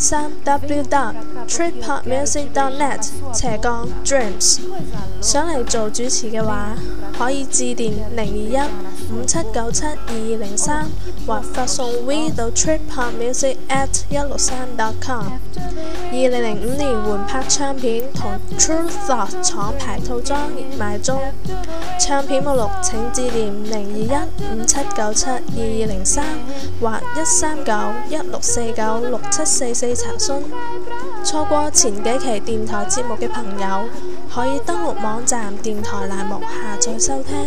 三 w w tripodmusic dot net 斜槓 dreams 想嚟做主持嘅話，可以致電零二一五七九七二二零三，3，或發送 v 到 tripodmusic at 一六三 dot com。二零零五年，換拍唱片同 True Thought 廠牌套裝熱賣中。唱片目錄，請致電零二一五七九七二二零三或一三九一六四九六七四四。查詢錯過前幾期電台節目嘅朋友，可以登錄網站電台欄目下載收聽。